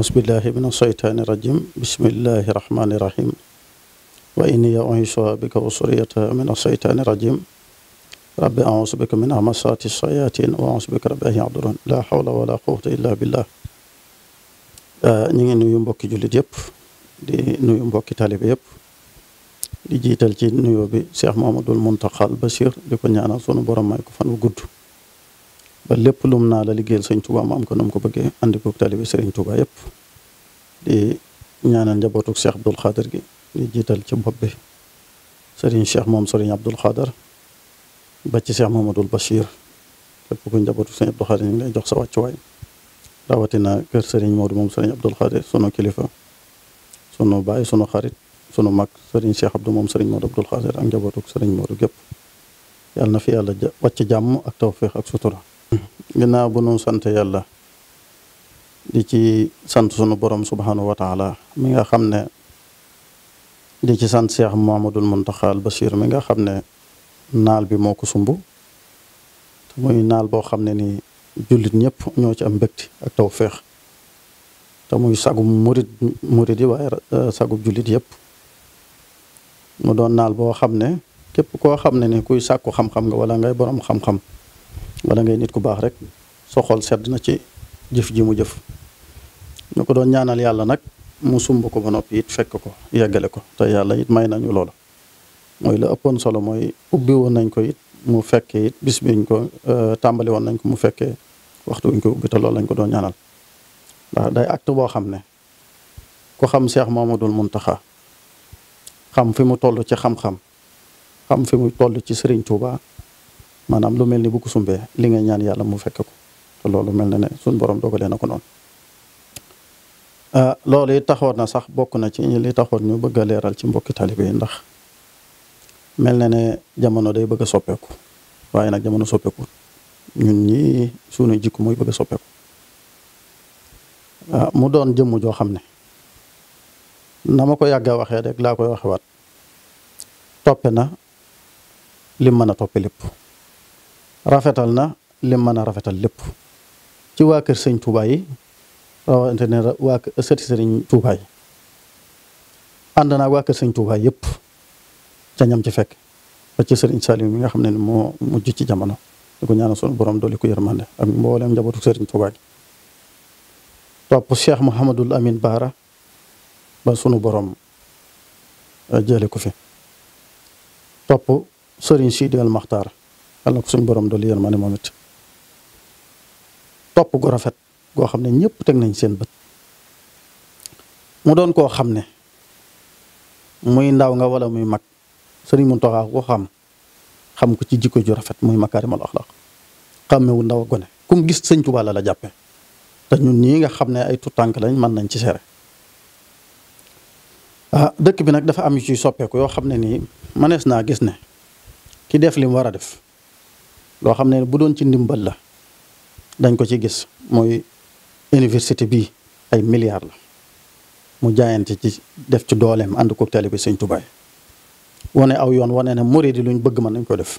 ahusbillahi min asheytaani irajim bismillahi irahmani irahim wa inni u'iizuhaa bika wa suriyatahaa min asheytaani irajim rabbi a'uuzu bika min hamazaati shayaatiin wa a'uuzu bika rabbi an yahduruun laa hawla wa laa quwwata illaa billah ñu ngi nuyu mbokki jullit yëpp di nuyu mbokki taalib yëpp di jiital ci nuyoo bi Cheikh Mouhamadoul Mountakha Bachir di ko ñaanal sunu borom may ko fan wu gudd ba lépp lum naa la liggéeyal sëñ Touba mu am ko nam ko bëggee di ñaanal njabootuk Cheikh Abdoul Khader gi di jiital ci bopp bi sëriñ Cheikh moom sëriñ Abdoul Khader ba ci moom Mamadou Bachir képp ku njabootuk sëriñ Abdoul Khader ñu lay jox sa wàccuwaay rawatina kër sëriñ Modou moom sëriñ Abdoul Khader sunu kilifa sunu baay sunu xarit sunu mag sëriñ Cheikh Abdou moom sëriñ Modou Abdoul Khader ak njabootuk sëriñ Modou gépp yàlla na fi yàlla wàcc jàmm ak tawféex ak sutura bu nu sant yàlla di ci sant sunu borom subhanahu wa taala mi nga xam ne di ci sant Cheikh Mouhamadoul Mountakha al Bachir mi nga xam ne naal bi moo ko sumb te naal boo xam ne ni jullit ñépp ñoo ci am mbégte ak tawféex te muy sagum murid murid yi waaye euh, sagum jullit yëpp mu doon naal boo xam ne képp koo xam ne ni kuy sàkku xam-xam nga wala ngay boroom xam-xam wala ngay nit ku baax rek soo xool sedd na ci jëf ji mu jëf ñu ko doon ñaanal yàlla nag mu sumb ko ba noppi it fekk ko yeggale ko te yàlla it may nañu loolu mooy la ëppoon solo mooy ubbi woon nañ ko it mu fekkee it bis ko euh, tàmbali woon nañ ko mu fekkee waxtu wuñ ko ubbi te loolu lañ ko doon ñaanal ndax day act boo xam ne ku xam Seex Mamadul taxa xam fi mu toll ci xam-xam xam fi mu toll ci Sëriñ Tuuba maanaam lu mel ni bu ko sumbee li nga ñaan yàlla mu fekk ko te loolu mel na ne suñ borom dogalee na ko noonu ah, loolu it taxoon na sax bokk na ci li taxoon ñu bëgg a leeral ci mbokki taalibe yi ndax mel na ne jamono day bëgg a soppeeku waaye nag jamono soppeeku ñun ñi suñu jikko mooy bëgg a soppeeku ah, mu doon jëmm joo xam ne na ma ko yàgga waxee rek laa koy waxewaat toppe na lim mën a toppe lépp rafetal na lim mën a rafetal lépp ci waa kër sëñ Touba yi rawante ne waa kër sëriñ Touba yi yëpp ca ñam ci fekk ba ci sëriñ Saliou mi nga xam ne moo mujj ci jamono di ko ñaanal sunu borom doole ko yërmande ak mboolem njabootu sëriñ Touba gi topp Cheikh Mouhamadul Amin Baara ba sunu boroom eh, jële ko fi topp sëriñ Sidi al Maxtaar yàlla ko suñu borom doole yërmande moom topp gu rafet goo xam ne ñëpp teg nañ seen bët mu doon koo xam ne muy ndaw nga walla muy mag sëriñ Muntaxa ko xam xam ko ci jikko ju rafet muy makaarimal axlaaq xàmmewu ndaw gone kum gis sëñ Tuubaa la la jàppe te ñun nga xam ne ay tutànk lañ mën nañ ci sere ah dëkk bi nag dafa am ciy soppeeku yoo xam ne nii mënees naa gis ne ki def li mu war a def loo xam ne bu doon ci ndimbal la dañ ko ci gis mooy université bi ay milliards la mu jaayante ci def ci dooleem ànd ko taalibe Sëñ Tuubaa wane aw yoon wane na murid yi luñ bëgg mën nañ ko def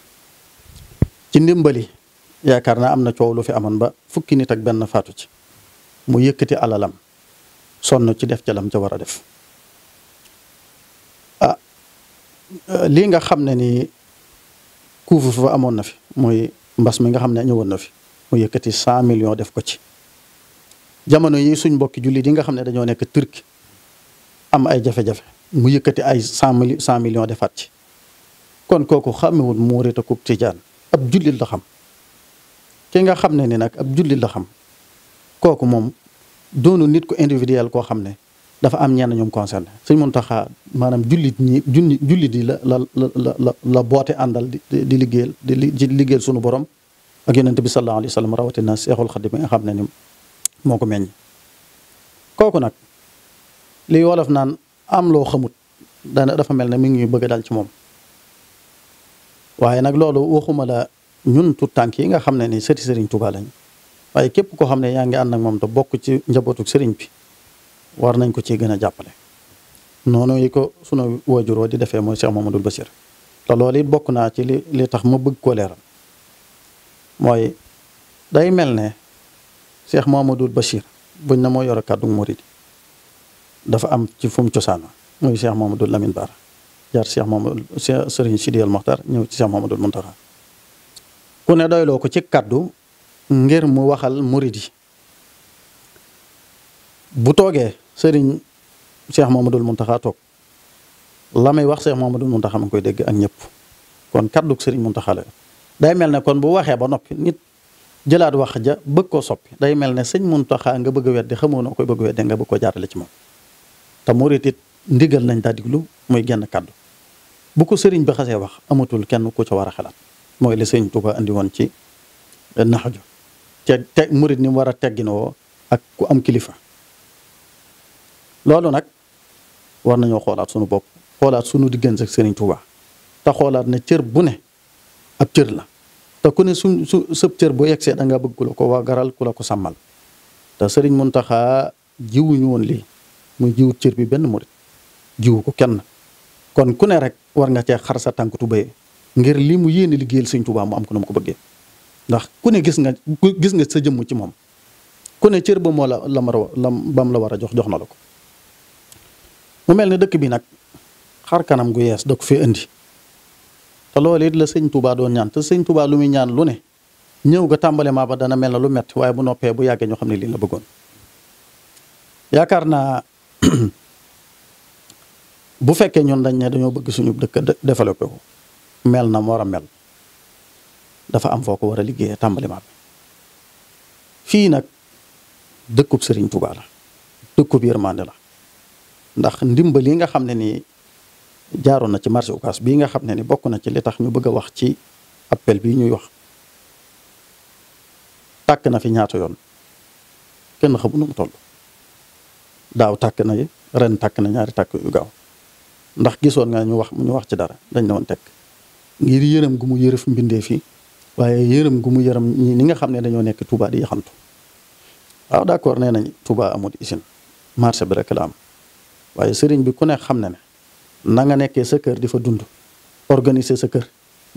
ci ndimbali yaakaar naa am na coow lu fi amoon ba fukki nit ak benn faatu ci mu yëkkati alalam sonn ci def ca lam ca war a def ah lii nga xam ne ni couvre-feu amoon na fi mooy mbas mi nga xam ne ñëwoon na fi mu yëkkati cent millions def ko ci jamono yi suñ mbokki jullit yi nga xam ne dañoo nekk Turquie am ay jafe-jafe mu yëkkati ay cent mil cent millions defaat ci kon kooku xamewul muurit ak tijaan ab jullit la xam ki nga xam ne ni nag ab jullit la xam kooku moom doonu nit ku individuel koo xam ne dafa am ñenn ñoom concerné suñ mun taxaa maanaam jullit ñi jullit yi la la la la la boote àndal di di liggéeyal di liggéeyal sunu borom ak yonent bi sallallahu alayhi rawatina sallam rawatina seexul xadim nga xam ne ni moo ko meññ kooku nag liy wolof naan am loo xamut dana dafa mel ne mi ngi bëgg a dal ci moom waaye nag loolu waxuma la ñun tut tànk yi nga xam ne ni sëti Serigne Touba waaye képp koo xam ne yaa ngi ànd ak moom te bokk ci njabootu Serigne bi war nañ ko ci gën a jàppale noonu yi ko sunu waajuroo di defee mooy Cheikh Mamadou Bassir te loolu it bokk naa ci li li tax ma bëgg koo leeral mooy day mel ne Cheikh Mouhamadoul Bachir buñ na moo yore kàddu murid dafa am ci fu mu cosaano muy Cheikh Mouhamadoul Lamine Bara jaar Cheikh Mouhamadou Serigne Sidi al Mokhtar ñëw ci Cheikh Mouhamadoul Mountakha ku ne doyloo ko ci kàddu ngir mu waxal murid yi bu toogee Serigne Cheikh Mouhamadoul Mountakha toog la may wax Cheikh Mouhamadoul Mountakha ma ngi koy dégg ak ñëpp kon kàddug Serigne Mountakha la day mel ne kon bu waxee ba noppi nit jëlaat wax ja bëgg koo soppi day mel ne sëñ Muntaxa nga bëgg a weddi xamoo noo koy bëgg a weddi nga bëgg ko jaarale ci moom te murit it ndigal nañ daa diglu genn kàddu bu ko sëriñ bi xasee wax amatul kenn ku ca war a xalaat mooy li sëriñ Tuubaa woon ci naxaju te te ni mu war a tegginoo ak ku am kilifa loolu nag war nañoo xoolaat sunu bopp xoolaat sunu diggante ak sëriñ Tuubaa te xoolaat ne cër bu ne ab cër la te ku ne suñ su sëb cër boo yegsee da nga bëgg ku la ko wagaral ku la ko sàmmal te sëriñ Muntaxa jiwuñu woon lii muy jiwut cër bi benn murit jiwu ko kenn kon ku ne rek war nga cee xar sa tànk tubéy ngir li mu yéene liggéeyal sëñ Tuubaa mu am ko na ko bëggee ndax ku ne gis nga nga sa jëmm ci moom ku ne cër ba moo la la ma bam la war a jox jox na la ko mu mel ne dëkk bi nag xar kanam gu yees da ko fee indi te loolu it la sëñ Touba doon ñaan te sëñ Touba lu muy ñaan lu ne ñëw nga tàmbale maa ba dana mel na lu metti waaye bu noppee bu yàggee ñoo xam ne lii la bëggoon yaakaar naa bu fekkee ñun dañ dañoo bëgg suñu dëkk développé ko mel na mu war a mel dafa am foo ko war a liggéeyee tàmbale maa bi fii nag dëkkub sëriñ Touba la dëkkub yërmande la ndax ndimbal yi nga xam ne nii jaaroon na ci marché Ocass bii nga xam ne ni bokk na ci li tax ñu bëgga wax ci appel bi ñuy wax takk na fi ñaata yoon kenn xamu nu mu toll daaw tàkk na ren takk na ñaari tàkk yu gaaw ndax gisoon nga ñu wax ñu wax ci dara dañ ne woon teg ngir yërëm gu mu yërëf mbindee fi waaye yërëm gu mu yërëm ñi ni nga xam ne dañoo nekk Touba di yaxantu waaw d'accord nee nañ Touba amul usine marché bi rek la am waaye sëriñ bi ku ne xam na ne na nga nekkee sa kër di fa dund organiser sa kër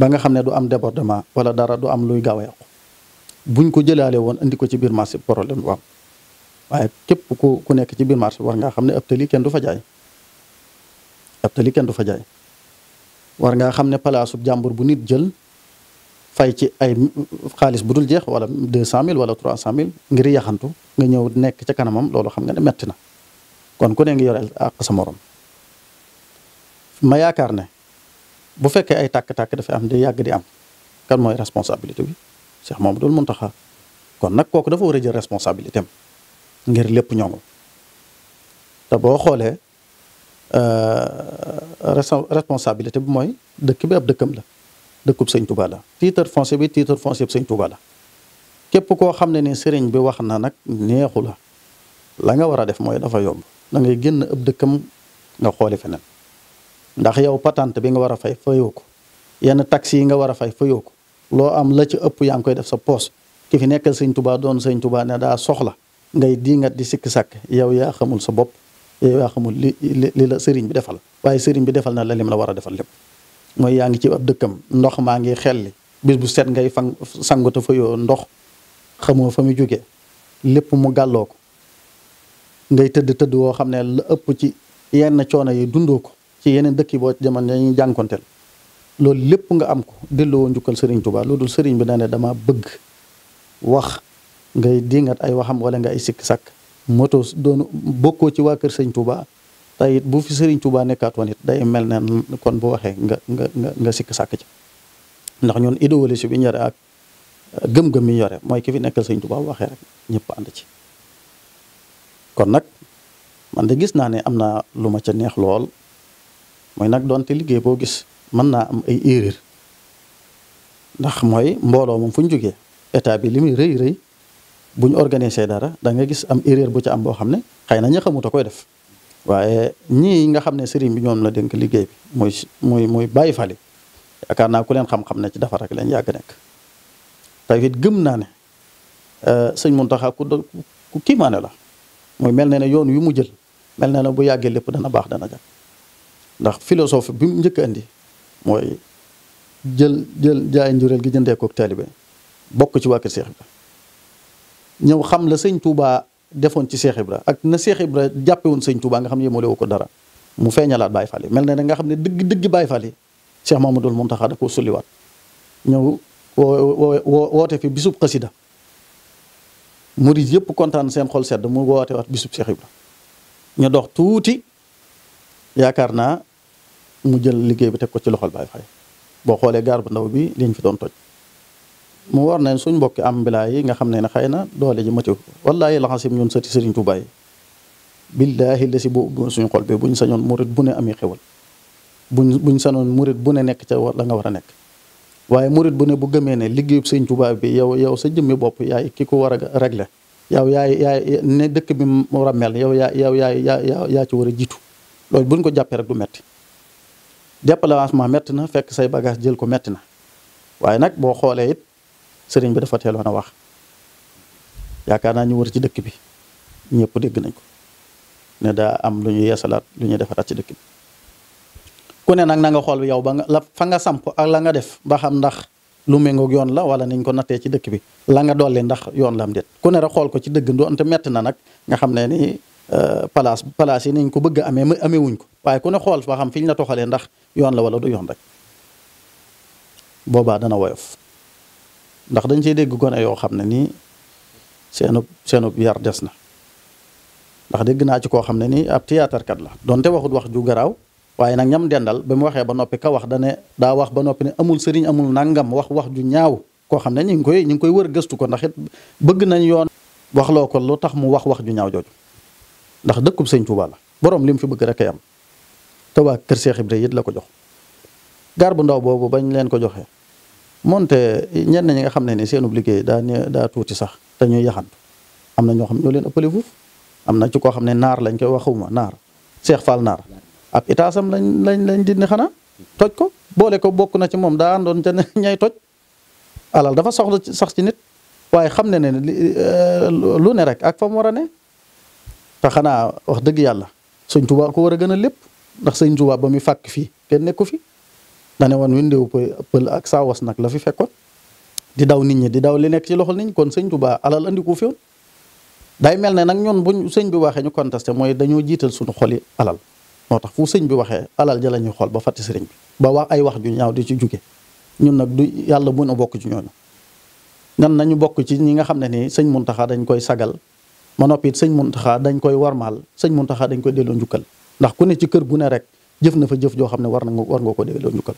ba nga xam ne du am débordement wala dara du am luy gaaw a yàqu buñ ko jëlaale woon indi ko ci biir marché bi problème du am waaye képp ku nekk ci biir marché war ngaa xam ne ab tali kenn du fa jaay ab tali kenn du fa jaay war ngaa xam ne palaasu jàmbur bu nit jël fay ci ay xaalis bu dul jeex wala deux cent mille wala trois cent mille ngir yaxantu nga ñëw nekk ca kanamam loolu xam nga ne mett na kon ku ne ngi yoreel àq sa morom ma yaakaar ne bu fekkee ay tàkk-tàkk dafa am di yàgg di am kan mooy responsabilité bi Cheikh Mamadou Mountakha kon nag kooku dafa war a jël responsabilité ngir lépp ñoŋu te boo xoolee euh, responsabilité bi mooy dëkk bi ab dëkkam la dëkkub sëñ Touba la titre foncier bi titre foncier bi sëñ Touba képp koo xam ne ni sëriñ bi wax na nag neexu la la nga war a def mooy dafa yomb da ngay génn ab dëkkam nga xooli feneen ndax yow patente bi nga war a fay fayoo ko yenn taxes yi nga war a fay fayoo ko loo am la ci ëpp yaa ngi koy def sa poos ki fi nekkal sëñ tubaa doon sëñ tubaa ne daa soxla ngay diingat di sikki sàkk yow yaa xamul sa bopp yow yaa xamul li li la sëriñ bi defal waaye sëriñ bi defal na la lim la war a defal lépp mooy yaa ngi ci ab dëkkam ndox maa ngi xelli bis bu set ngay fan sangu te fayoo ndox xamoo fa mu jóge lépp mu gàlloo ko ngay tëdd tëdd woo xam ne ëpp ci yenn coono yi dundoo ko ci yeneen dëkk yi boo jamono dañuy jànkonteel loolu lépp nga am ko delloo njukkal sëriñ Tuubaa loolu sëriñ bi daanee dama bëgg wax ngay dingat ay waxam walla nga ay sikk sàkk moto doon bokkoo ci waa kër sëñ Tuubaa te it bu fi sëriñ Tuubaa nekkaat woon day mel ne kon bu waxee nga nga nga sikk sàkk ci ndax ñun idéologie bi ñu yore ak euh, gëm-gëm yi mooy ki fi nekkal sëriñ Tuubaa waxee rek ñépp ànd ci kon nag man de gis naa ne am na lu ma ca neex lool mooy nag doonte liggéey boo gis man naa am ay erreur ndax mooy mbooloo moom fu jógee état bi li muy rëy rëy bu ñu organisé dara da gis am erreur bu ci am boo xam ne xëy na ña xamut koy def waaye ñii nga xam ne sëriñ bi ñoom la denk liggéey bi muy muy muy fali yaakaar naa ku leen xam-xam ne ci defar ak leen yàgg nekk te it gëm naa ne euh, sëñ Muntaxa ku ku kiimaane la muy mel ne ne yoon yu mu jël mel na ne bu yàggee lépp dana baax dana jag ndax philosophe bi mu njëkk andi mooy jël jël jaay njureel gi jëndee koog taalibe bokk ci waa kër Seex ñëw xam la sëñ tuubaa defoon ci Seex Ibra ak na Seex Ibra jàppe woon sëñ Touba nga xam ne yemale wu ko dara mu feeñalaat Baay Faal yi mel na ne nga xam ne dëgg dëgg Baay Faal yi Seex Mamadul Muntaxa da koo sulliwaat ñëw woo woote fi bisub xasida murid yëpp kontaan seen xol sedd mu woote waat bisub Seex Ibra ñu dox yaakaar naa mu jël liggéey bi teg ko ci loxol Baay Faay boo xoolee gaar bu ndaw bi liñ fi doon toj mu war nañ suñ mbokki am mbilaa yi nga xam ne ne xëy na doole ji matiw wallaahi laxasim ñun sëti sëriñ Tuubaa yi billaahi la si boo ubbi suñu xol bi buñ sañoon murit bu ne amee xewal buñ buñ sañoon murit bu ne nekk ca la nga war a nekk waaye murit bu ne bu gëmee ne liggéeyub sëñ tubaab bi yow yow sa jëmmi bopp yaay ki ko war a régler yow yaay yaay ne dëkk bi mu war a mel yow yaa yow yaay yaa yaa war a jiitu loolu buñ ko jàppee rek du metti déplacement metti na fekk say bagage jël ko metti na waaye nag boo xoolee it sëriñ bi dafa teeloon a wax yaakaar naa ñu wër ci dëkk bi ñëpp dégg nañ ko ne daa am lu ñu yeesalaat lu ñu defaraat ci dëkk bi ku nag na nga xool yow ba nga la fa nga samp ak la nga def ba xam ndax lu méngoog yoon la wala niñ ko nattee ci dëkk bi la nga dolli ndax yoon la am déet ku ne xool ko ci dëgg doonte metti na nag nga xam ne ni Euh, place place yi nañ ko bëgg a amee amee wuñ ko waaye ku ne xool fa xam fi na la toxalee ndax yoon la wala du yoon rek boobaa dana woyof ndax dañ cey dégg gone yoo xam ne nii seenub seenub yar des na ndax dégg naa ci koo xam ne nii ab théâtre kat la donte waxut wax ju garaaw waaye nag ñam dendal ba mu waxee ba noppi ka wax dane daa wax ba noppi ne amul sëriñ amul nangam wax wax ju ñaaw koo xam ne ñu ngi koy ñu ngi koy wër gëstu ko ndax it bëgg nañ yoon waxloo ko lu tax mu wax wax ju ñaaw jooju ndax dëkkub sëñ Touba la borom li mu fi bëgg rek ay am te waa Kër Cheikh Ibrahima it la ko jox. gaar bu ndaw boobu bañ leen ko joxee moonte ñenn ñi nga xam ne ne seenub liggéey daa daa tuuti sax te ñuy yaxantu am na ñoo xam ñoo leen ëppale am na ci koo xam ne naar lañ koy waxuma naar Cheikh Fall naar ab itaasam lañ lañ lañ dindi xanaa toj ko boole ko bokk na ci moom daa àndoon ca ñay toj alal dafa soxla sax ci nit waaye xam ne ne eh, lu ne rek ak fa mu war a ne te xanaa wax dëgg yàlla sëñ tubaa ko war a gën a lépp ndax sëñ Tuubaa ba muy fàkk fii kenn nekku fi dane woon windewu pël ak saawas nag la fi fekkoon di daw nit ñi di daw li nekk ci loxol nit ñi kon sëñ Tuubaa alal andiku fi woon day mel ne nag ñun buñ sëñ bi waxee ñu contesté mooy dañoo jiital suñu xoli alal moo tax fu sëñ bi waxee alal ja la ñuy xool ba fàtte sëriñ bi ba wax ay wax ju ñaaw di ci jóge ñun nag du yàlla bu ñu bokk ci ñooñu nan nañu bokk ci ñi nga xam ne ni sëñ Muntaxa dañ koy sagal ma noppiit sëñ mun Muntaxa dañ koy war maal sëñ mun Muntaxa dañ koy delloo njukkal ndax ku ne ci kër gu ne rek jëf na fa jëf joo xam ne war na war nga ko delloo njukkal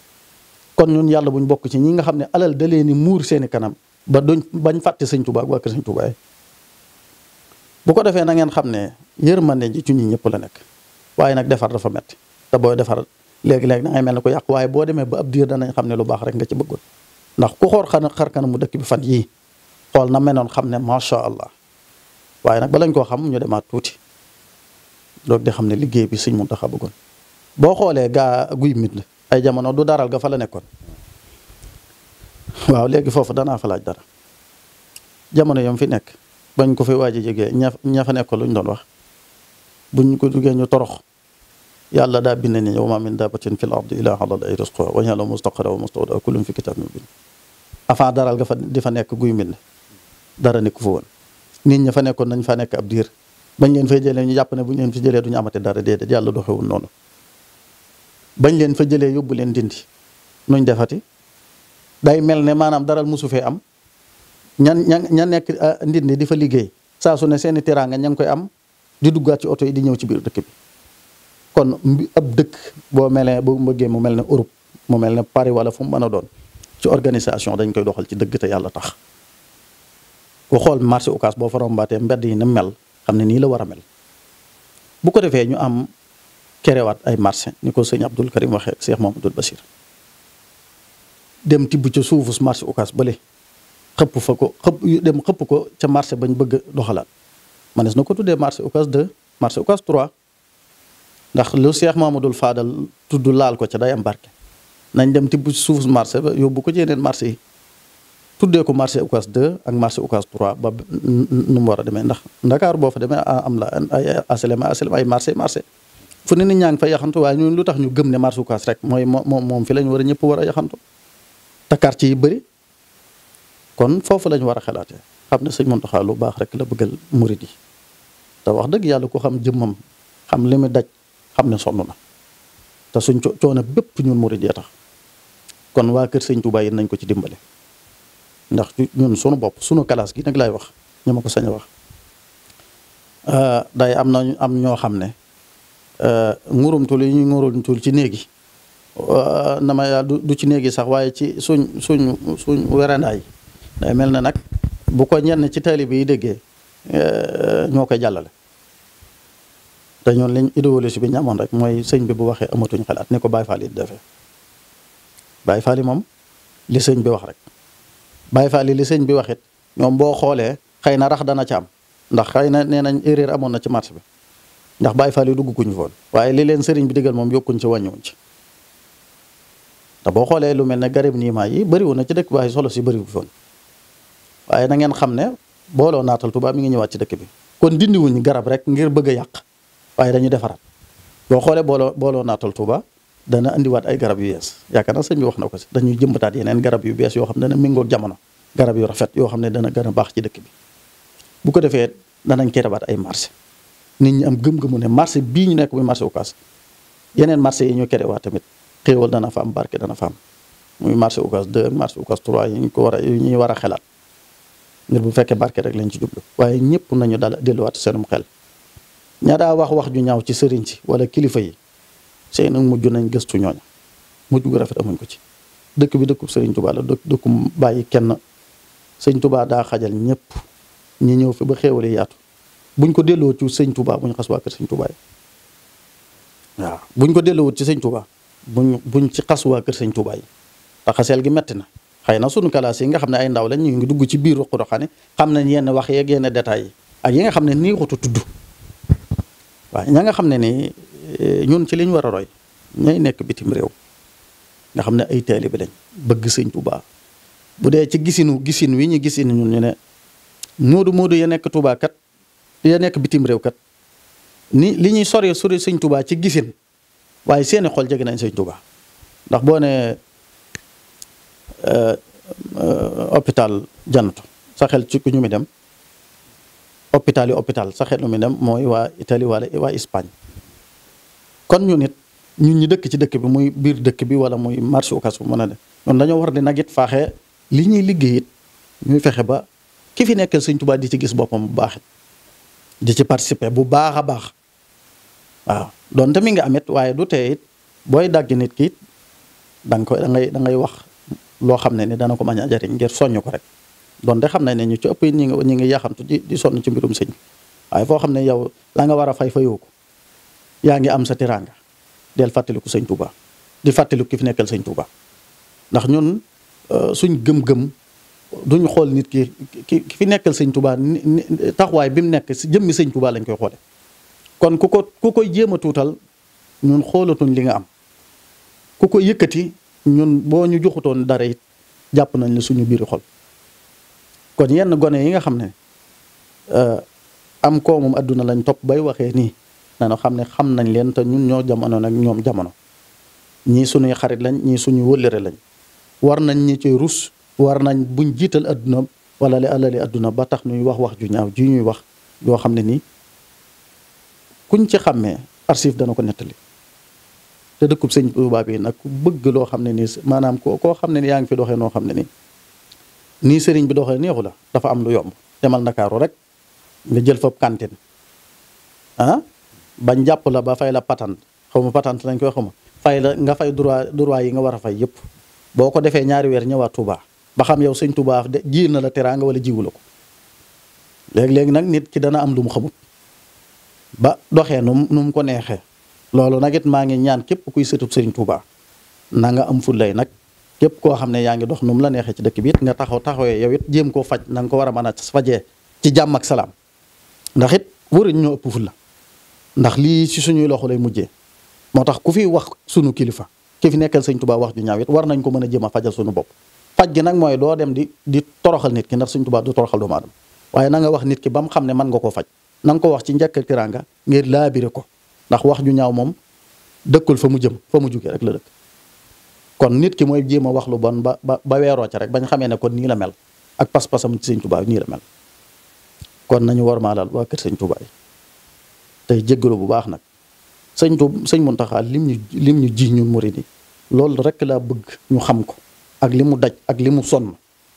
kon ñun yàlla buñ bokk ci ñi nga xam ne alal da leen ni muur seeni kanam ba duñ bañ fàtte sëñ Tuubaa ak waa kër sëñ bu ko defee na ngeen xam ne yërmande ji ci ñi ñëpp la nekk waaye nag defar dafa metti te boo defar léegi-léegi da ngay mel ne ko yàq waaye boo demee ba ab diir danañ xam ne lu baax rek nga ci bëggoon ndax ku xoor xar kanam kanamu dëkk bi fan yii xool na mel noon xam ne macha allah waaye nag balañ koo xam ñu demaat tuuti doog di xam ne liggéey bi Sëriñ Muntaxa bëggoon boo xoolee gaa guy mit la ay jamono du daral ga fa la nekkoon waaw léegi foofu danaa fa laaj dara jamono yom fi nekk bañ ko fi waaj a jege ña ña fa nekkoon luñ doon wax buñ ko jugee ñu torox yàlla daa bind ni wa ma min dabatin fil ardi illa ala llahi rizquha wa ya'lamu mustaqarraha wa mustawdaha kullun fi kitabin mubin avant daral ga fa di fa nekk guy mit la dara nekku fa nit ña fa nekkoon nañ fa nekk ab diir bañ leen fay jëlee ñu jàpp ne bu ñu leen fi jëlee duñu amate dara déedéet yàlla doxewul noonu bañ leen fa jëlee yóbbu leen dindi nuñ defati day mel ne maanaam daral musu fee am ñan ña ña nekk ah, ndindi di fa liggéey saa su ne seeni teraanga ña ngi koy am di duggaat ci oto yi di ñëw ci biir dëkk bi kon ab dëkk boo melee boo mbëggee mu mel ne Europe mu mel ne Paris wala fu mu mën a doon ci organisation dañ koy doxal ci dëgg te yàlla tax ku xool marché Ocass boo fa rombaatee mbedd yi na mel xam ne nii la war a mel bu ko defee ñu am kerewaat ay marché ni ko sëñ Abdul Karim waxee ak Cheikh Mamadou Bachir dem tibb ca suufus marché Ocass bële xëpp fa ko dem xëpp ko ca marché bañ bëgg doxalaat manees na ko tuddee marché Ocass 2 marché Ocass 3 ndax lu Cheikh dul faadal tudd laal ko ca day am barke nañ dem tibb suufus marché ba yóbbu ko ci yeneen marché yi tuddee ko marché Ocass 2 ak marché Ocass 3 ba nu mu war a demee ndax Ndakaar boo fa demee am la ay aslem aslem ay marché marché fu ne nit ñaa ngi fay yaxantu waaye lu tax ñu gëm ne marché Ocass rek mooy moom moom fi lañ war a ñëpp war a yaxantu takaar quartier yi bëri kon foofu lañ war a xalaatee xam ne sëñ Mountakha lu baax rek la bëggal murid yi te wax dëgg yàlla ko xam jëmmam xam li mu daj xam ne sonn na te suñ coono bépp ñun murid yi tax kon waa kër sëñ Touba nañ ko ci dimbale ndax ñun sunu bopp sunu classe gi nag laay wax ñu ma ko sañ a wax euh, day am na am ñoo xam ne euh, ngurumtul yi ñu ngurumtul ci néegi euh, na ma yàlla du ci néegi sax waaye ci suñ suñ suñ werandaay day mel na nag bu ko ñenn ci taalib yi déggee ñoo koy jàllale te ñoon liñ idéologie bi ñu amoon rek mooy sëñ bi bu waxee amatuñ xalaat ni ko Baye Fall yi defee Baye Fall yi moom li sëñ bi wax rek Baay Faal li sëñ bi waxit ñoom boo xoolee xëy na rax dana ci am ndax xëy na nee nañ amoon na ci marché bi ndax Baay Faal yi dugg kuñ foon waaye li leen sëriñ bi digal moom yokkuñ ci wàññiwuñ ci te boo xoolee lu mel ne garib niimaa yi bëriwu na ci dëkk solo si bëriwu foon waaye na ngeen xam ne booloo naatal Tuubaa mi ngi ñëwaat ci dëkk bi kon dindiwuñ garab rek ngir bëgg a yàq waaye dañu defaraat boo xoolee boolo booloo naatal Tuubaa dana indiwaat ay garab yu yees yaakaar naa sëñ bi wax na ko si dañuy jëmbataat yeneen garab yu bees yoo xam ne dana méngoog jamono garab yu rafet yoo xam ne dana gën a baax ci dëkk bi bu ko defee danañ cee rabaat ay marché nit ñi am gëm-gëmu ne marché bii ñu nekk muy marché Ocass yeneen marché yi ñu créé waa tamit xéewal dana fa am barke dana fa am muy marché Ocass 2 marché Ocass 3 yi ñu ko war a yi ñuy war a xelaat ngir bu fekkee barke rek lañ ci jublu waaye ñëpp nañu dal delluwaat seenum xel ña daa wax wax ju ñaaw ci sëriñ si wala kilifa yi sey nag mujj nañ gëstu ñooña mujj gu rafet amuñ ko ci dëkk bi dëkkub Sëriñ Tubaa la dëkku bàyyi kenn Sëriñ Tubaa daa xajal ñëpp ñi ñëw fi ba xéewale yaatu buñ ko delloo ci Sëriñ Tubaa buñ xas waa kër Sëriñ Tubaa yi waaw buñ ko delloo ci Sëriñ Tubaa buñ buñ ci xas waa kër Sëriñ Tubaa gi metti na xëy na sunu kalaas nga xam ne ay ndaw lañ ñu ngi dugg ci biir ruq roxaane xam nañ yenn wax ye yenn détails yi ak yi nga xam ne nii xutu tudd waaw ña nga xam ne ni eh, ñun ci liñ war a roy ñooy nekk bitim réew nga xam ne ay taalibe lañ bëgg sëñ tubaa bu dee ci gisinu gisin wi ñu gisin ñun ñu ne moodu moodu ya nekk Touba kat ya nekk bitim réew kat ni li ñuy sore sore sëñ tubaa ci gisin waaye seeni xol jege nañ sëñ tubaa ndax boo ne euh, euh, hôpital Janatu sa xel ci ku ñu mi dem hôpital yi hôpital sa xel lu mi dem mooy waa Italie wala waa Espagne kon ñu nit ñun ñi dëkk ci dëkk bi muy biir dëkk bi wala muy marché Ocass bu mën a def noonu dañoo war di nag it faaxee li ñuy liggéey it ñuy fexe ba ki fi nekk Sëñ Tuubaa di ci gis boppam bu baax di ci participer bu baax a baax waaw donte mi nga amit waaye du tee booy dagg nit ki it da nga koy da wax loo xam ne ni dana ko mañ a jariñ ngir soññ ko rek donte xam nañ ne ñu ci ëpp ñi ngi ñi ngi yaxantu di di sonn ci mbirum sëñ waaye foo xam ne yow la nga war a fay fayoo ko yaa ngi am sa tiraanga del fàttaliku sëñ Touba di fàttaliku ki fi nekkal sëñ Touba ndax ñun euh, suñ gëm-gëm duñu xool nit ki ki fi nekkal sañ tubaa taxawaay bi mu nekk si jëmmi sëñ Touba lañ koy xoole kon ku ko ku koy jéem a tuutal ñun xoolatuñ li nga am ku ko yëkkati ñun boo ñu joxutoon dara it jàpp nañ la suñu biiri xol kon yenn gone yi nga xam ne euh, am koomum àdduna lañ topp bay waxee nii nañu xam ne xam nañ leen te ñun ñoo jamono nag ñoom jamono ñii suñuy xarit lañ ñii suñuy wëllëre lañ war nañ ñi ci rus war nañ buñ jiital adduna wala li àllali adduna ba tax ñuy wax wax ju ñaaw ji ñuy wax loo xam ne nii kuñ ci xàmmee archive dana ko nettali te dëkkub sëñ Tuubaa yi nag ku bëgg loo xam ne nii maanaam ko koo xam ne ni yaa ngi fi doxee noo xam ne nii nii sëriñ bi doxee neexu la dafa am lu yomb demal ndakaaru rek nga jël fa kantin ah bañ jàpp la ba fay la patante xaw ma patante lañ koy xaw ma fay la nga fay droit droit yi nga war a fay yëpp boo ko defee ñaari weer ñëwaat Touba ba xam yow sëñ Touba de jiir na la teraanga wala jiwu la ko léegi-léegi nag nit ki dana am lu mu xamut ba doxee nu nu mu ko neexee loolu nag it maa ngi ñaan képp kuy sëtub sëriñ Touba na nga am lay nag képp koo xam ne yaa ngi dox nu mu la neexee ci dëkk bi it nga taxaw taxawee yow it jéem koo faj na nga ko war a mën a fajee ci jàmm ak salaam ndax it waruñ ñoo ëpp la ndax lii ci suñuy loxo lay mujjee moo tax ku fi wax sunu kilifa ki fi nekkal sëñ tubaa wax ju ñaaw it war nañ ko mën a jëm a fajal suñu bopp faj gi nag mooy doo dem di di toroxal nit ki ndax sëñ Tuubaa du toroxal doomu aadama waaye na nga wax nit ki ba mu xam ne mën nga ko faj nanga ko wax ci njëkk ak teraanga ngir laabire ko ndax wax ju ñaaw moom dëkkul fa mu jëm fa mu jugee rek la dëkk kon nit ki mooy jéem a wax lu bon ba ba ba weeroo ca rek bañ xamee ne kon nii la mel ak pas-pasam ci sëñ Tuubaa nii la mel war maa daal waa kër sëñ Tuubaa yi tey jéggalu bu baax nag sëñ tu sëñ Muntaxa lim ñu lim ñu ji ñun murid yi loolu rekk laa bëgg ñu xam ko ak li mu daj ak li mu sonn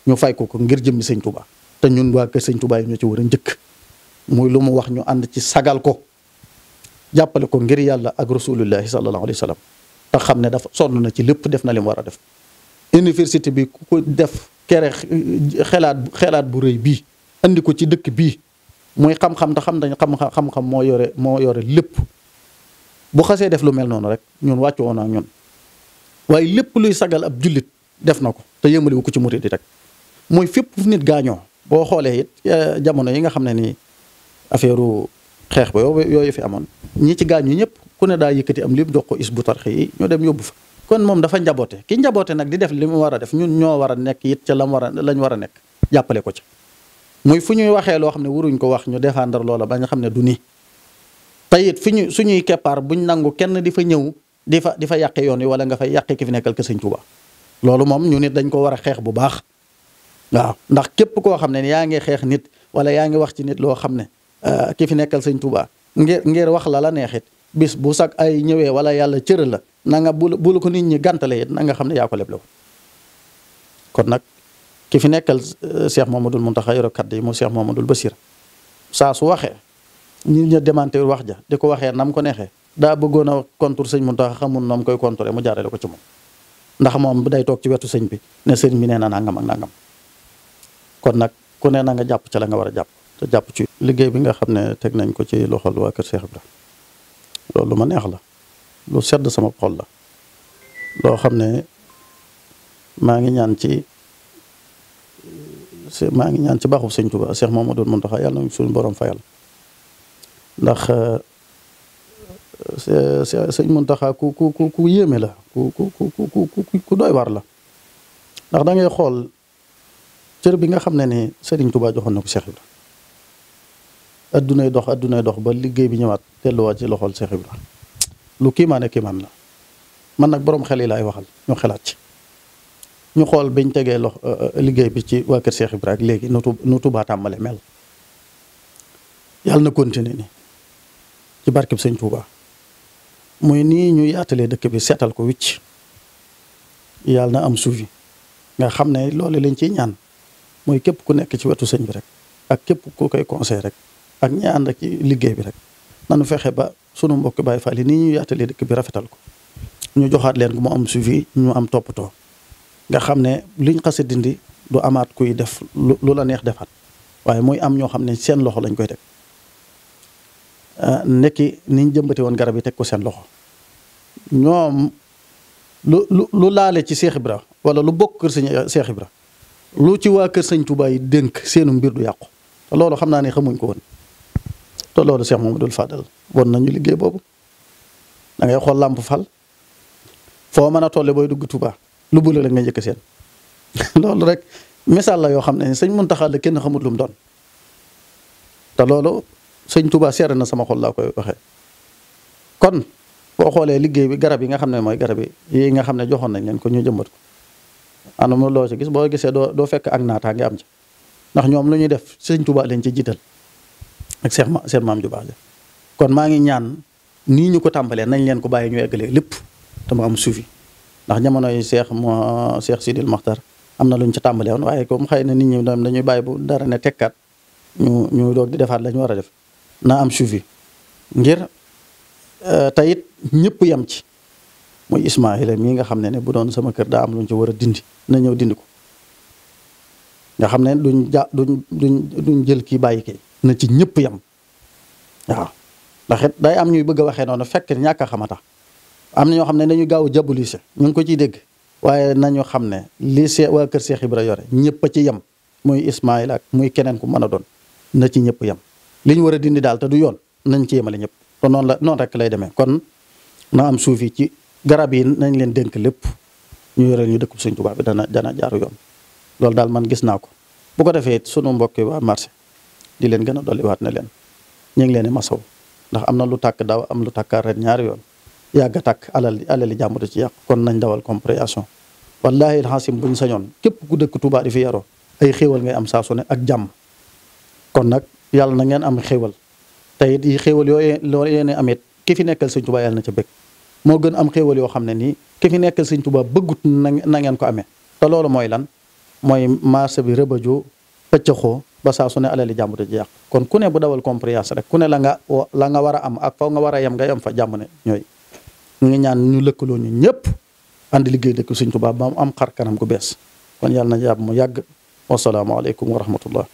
ñu fay ko ko ngir jëmmi sëñ Tuubaa te ñun waa kër sëñ Tuubaa yi ñoo ci war a njëkk muy lu mu wax ñu ànd ci sagal ko jàppale ko ngir yàlla ak rasulullahi sallallahu alayhi wa sallam te xam ne dafa sonn na ci lépp def na li mu war a def université bi ku ko def kere xelaat xelaat bu rëy bii indi ko ci dëkk bi muy xam-xam te xam dañ xam-xam moo yore moo yore lépp bu xasee def lu mel noonu rek ñun wàccu woon ak ñun waaye lépp luy sagal ab jullit def na ko te yëmaliwu ko ci murid di rek mooy fépp fu nit gaañoo boo xoolee it eh, jamono yi nga xam ne ni affaire xeex ba yow yooyu fi amoon ñi ci gaañu ñëpp ku ne daa yëkkati am lim jox ko is bu tarxi yi ñu dem yóbbu fa kon moom dafa njaboote ki njaboote nag di def li mu war a def ñun ñoo war a nekk it ca lam war a lañ war a nekk jàppale ko ci muy fu ñuy waxee loo xam ne waruñ ko wax ñu défendre loola ba nga xam ne du nii tey fu fi ñu suñuy keppaar buñ nangu kenn di fa ñëw di fa di fa yoon yi wala nga fay yàqe ki fi nekkal ke sëñ Tuuba loolu moom ñu nit dañ ko war a xeex bu baax waaw ndax képp koo xam ne yaa ngi xeex nit wala yaa ngi wax ci nit loo xam ne euh, ki fi nekkal sëñ Tuuba ngir ngir wax la la neexit bis bu sax ay ñëwee wala yàlla cëral la nanga nga bul bul ko nit ñi gantale it nanga xam ne yaa ko leble kon nag ki fi nekkal euh, Cheikh Mamadou Mountakha yoro kaddu yi mu Cheikh Mamadou Bassir saa su waxee ñu ña démentir wax ja di ko waxee nam ko neexee daa bëggoon a contour sëñ Mountakha xamul noom koy contouré mu jaarale ko ci moom ndax moom day toog ci wetu sëñ bi ne sëñ bi nee na nangam ak nangam kon nag ko ne na nga jàpp ci la nga war a jàpp te jàpp ci liggéey bi nga xam ne teg nañ ko ci loxol waa kër Cheikh Ibrahima loolu lu ma neex la lu sedd sama xol la loo xam ne maa ngi ñaan ci maa ngi ñaan ci baaxu sëñ Tuba Cheikh Mamadou Mountakha yàlla nañu suñu borom fayal ndax euh, sëñ Mountakha ku ku ku ku la ku ku ku ku doy waar la ndax da ngay xool cër bi nga xam ne ne Serigne Touba joxoon na ko Cheikh Ibra addunay dox addunay dox ba liggéey bi ñëwaat delluwaat ci loxol Cheikh Ibra lu kiimaane kiimaan la man nag borom xel yi laay waxal ñu xelaat ci. ñu xool biñ tegee lox euh, euh, liggéey bi ci waa Kër Cheikh Ibra ak léegi nu nu Tuubaa tàmbale mel yàlla na continuer ni ci barkeb sëñ Tuubaa muy nii ñu yaatalee dëkk bi seetal ko wicc yàlla na am suufi nga xam ne loolu lañ ciy ñaan mooy képp ku nekk ci wetu sëñ bi rek ak képp ku koy conseil rek ak ñi ànd ak ci liggéey bi rek nanu fexe ba sunu mbokk Baay Faal yi nii ñu yaatalee dëkk bi rafetal ko ñu joxaat leen ku mu am suivi ñu am toppatoo nga xam ne liñ xas du amaat kuy def lu la neex defaat waaye muy am ñoo xam ne seen loxo lañ koy teg ah, nekki niñ jëmbate woon garab yi teg ko seen loxo ñoom lu lu lu laale ci Seex ra wala lu bokk kër sëñ Seex ra lu ci waa kër sañ tubaay yi dénk seenu mbir du yàqu te loolu xam naa ne xamuñ ko woon te loolu Seex Mamadul Fadal won nañu liggéey boobu dangay ngay xool làmp fal foo mën a tolle booy dugg tubaa lu bële la ngay njëkk seen loolu rek misaal la yoo xam ne sëñ Muntaxa la kenn xamut lu mu doon te loolu sëñ Touba seere na sama xol laa koy waxee kon boo xoolee liggéey bi garab yi nga xam ne mooy garab yi yi nga xam ne joxoon nañ leen ko ñu jëmbat ko anam loo ci gis boo gisee doo doo fekk ak naataa nga am ci ndax ñoom ñuy def sëñ Touba leen ci jiital ak seex ma seen maam ju baax kon maa ngi ñaan nii ñu ko tàmbalee nañ leen ko bàyyi ñu eggalee lépp te mu am suufi ndax jamono yi seex moo seex sidil maxtar am na luñ ci tàmbale woon waaye comme xëy na nit ñi dañuy bàyyi bu dara ne tekkaat ñu ñu doog di defaat lañu ñu war a def naa am suivi ngir euh, tayit ñëpp yem ci muy Ismaayila mii nga xam ne ne bu doon sama kër daa am luñ ci war a dindi na ñëw dindi ko nga xam ne duñ ja duñ duñ jël kii bàyyi kay na ci ñëpp yem waaw ndax day am ñuy bëgg waxee noonu fekk ñàkk a xamata am na ñoo xam ne dañu gaaw a jàbulise ñu ngi ko ciy dégg waaye nañu xam ne li see waa kër Seex Ibra yore ñëpp a ci yem muy Ismaayil ak muy keneen ku mën a doon na ci ñëpp yem li ñu war a dindi daal te du yoon nañ ci yemale ñëpp te noonu la noonu rek lay demee kon na am suuf ci garab yi nañ leen dënk lépp ñu yore ñu dëkk Sëñ Tuubaa bi dana dana jaaru yoon loolu daal man gis naa ko bu ko defee sunu mbokki waa marché di leen gën a dolliwaat ne leen ñu ngi leen di masaw ndax am na lu takk daw am lu tàkkaat rek ñaari yoon yàgg takk alal alali jàmbur ci yàq kon nañ dawal compréhension wallahi alxasim buñ sañoon képp ku dëkk Touba di fi yaroo ay xéewal ngay am saa su ak jàmm kon nag yàlla na ngeen am xéewal tey it yi xéewal yooyu loolu yéen am it ki fi nekkal sëñ Touba yàlla na ci bëgg moo gën am xéewal yoo xam ne nii ki fi nekkal sëñ Touba bëggut na ngeen ko amee te loolu mooy lan mooy marché bi rëbëjoo pëccëxoo ba saa su ne alali jàmbur ji yàq kon ku ne bu dawal compréhension rek ku ne la nga la nga war am ak faw nga war a yem nga yem fa jàmm ne ñu ngi ñaan ñu lëkkaloo ñu ñëpp ànd liggéey dëkk Sëñ Tuubaa ba mu am xar kanam gu bees kon yàlla na yàb mu yàgg wasalaamaaleykum wa rahmatullah